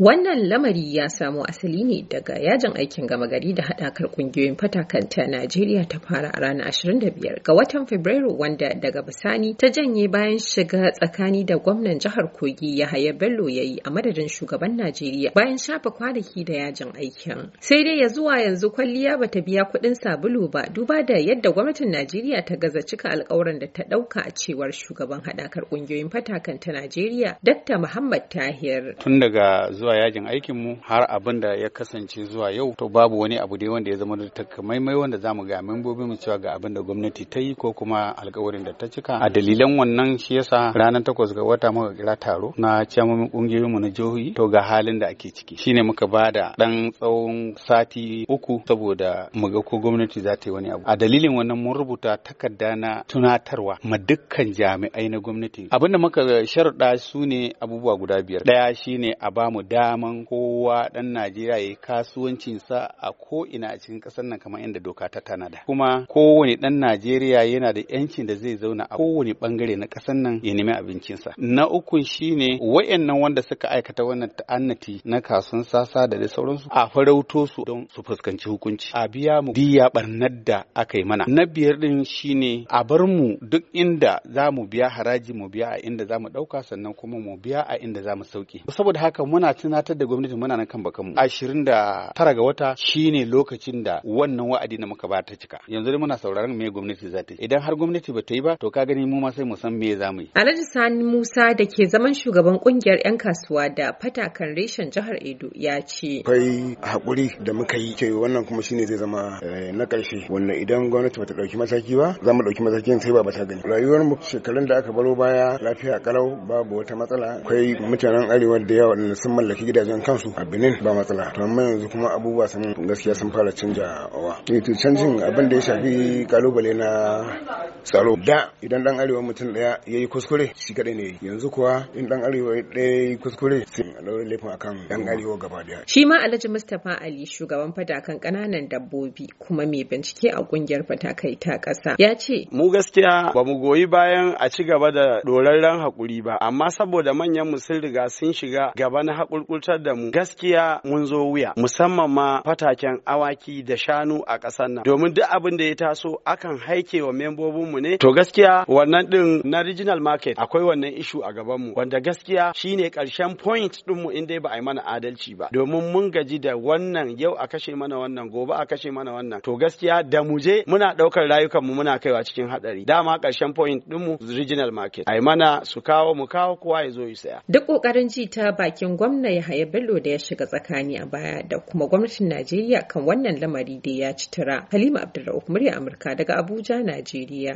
Wannan lamari ya samo asali ne daga yajin aikin gama gari da haɗakar ƙungiyoyin fatakan ta Najeriya ta fara a ranar 25 ga watan Fabrairu wanda daga bisani ta janye bayan shiga tsakani da gwamnan jihar Kogi Yahaya Bello ya yi a madadin shugaban Najeriya bayan shafa kwanaki da yajin aikin. Sai dai ya zuwa yanzu kwalliya ba ta biya kuɗin sabulu ba duba da yadda gwamnatin Najeriya ta gaza cika alƙawuran da ta ɗauka a cewar shugaban haɗakar ƙungiyoyin fatakan ta Najeriya Dr. Muhammad Tahir. Tun zuwa yajin aikin mu har abin da ya kasance zuwa yau to babu wani abu dai wanda ya zama da takamaimai wanda zamu ga membobin mu cewa ga abin da gwamnati ta yi ko kuma alkawarin da ta cika a dalilan wannan shi yasa ranar takwas ga wata muka kira taro na chairman kungiyoyin mu na jihohi to ga halin da ake ciki shine muka bada dan tsawon sati uku saboda mu ga ko gwamnati za ta yi wani abu a dalilin wannan mun rubuta takarda na tunatarwa ma dukkan jami'ai na gwamnati abin da muka sharuɗa su ne abubuwa guda biyar ɗaya shine a bamu daman kowa dan Najeriya ya yi kasuwancinsa a ko'ina a cikin kasar nan kamar yadda doka ta tanada. Kuma kowane dan Najeriya yana da ‘yancin da zai zauna a kowane bangare na kasar nan ya nemi abincinsa. Na ukun shine wayannan wanda suka aikata wannan ta'annati na kasuwan sasa da dai sauransu a farauto su don su fuskanci hukunci. A biya mu biya barnar da aka yi mana. Na biyar shi shine a bar mu duk inda za mu biya haraji mu biya a inda za mu ɗauka sannan kuma mu biya a inda za mu sauke. Saboda haka muna tunatar da gwamnati muna nan kan mu. Ashirin da tara ga wata shine lokacin da wannan wa'adi na muka ba ta cika. Yanzu dai muna sauraron me gwamnati za ta yi. Idan har gwamnati ba ta yi ba to ka gani mu ma sai mu san me za mu yi. Alhaji Sani Musa da ke zaman shugaban kungiyar 'yan kasuwa da fatakan reshen jihar Edo ya ce. Akwai hakuri da muka yi ce wannan kuma shine zai zama eh, na karshe wanda idan gwamnati ba ta ɗauki mataki ba za mu ɗauki matakin sai ba ba ta gani. Rayuwar mu shekarun da aka baro baya lafiya kalau babu wata matsala akwai mutanen arewa da yawa sun mallaki gidajen kansu a Benin ba matsala to amma yanzu kuma abubuwa sun gaskiya sun fara canja eh to canjin abin da ya shafi kalubale na tsaro da idan dan arewa mutum daya yayi kuskure shi kadai ne yanzu kuwa in dan arewa daya yayi kuskure sai a daure laifin akan dan arewa gaba daya shi ma Alhaji Mustapha Ali shugaban fadakan kananan dabbobi kuma mai bincike a kungiyar fatakai ta kasa ya ce mu gaskiya ba mu goyi bayan a ci gaba da dorarren hakuri ba amma saboda manyan mu sun riga sun shiga gaba na hakuri sukurkurtar da mu gaskiya mun zo wuya musamman ma fataken awaki da shanu a ƙasar nan domin duk abin da ya taso akan haike wa membobin mu ne to gaskiya wannan din na regional market akwai wannan ishu a gaban mu wanda gaskiya shine ƙarshen point din mu in dai ba a yi mana adalci ba domin mun gaji da wannan yau a kashe mana wannan gobe a kashe mana wannan to gaskiya da mu je muna ɗaukar rayukan mu muna kaiwa cikin hadari dama ƙarshen point din mu regional market ai mana su kawo mu kawo kowa ya zo ya saya duk kokarin ji ta bakin gwamnati Yahaya Bello da ya shiga tsakani a baya da kuma gwamnatin Najeriya kan wannan lamari da ya ci tura. Halima Abdulrauf murya Amurka daga Abuja, Najeriya.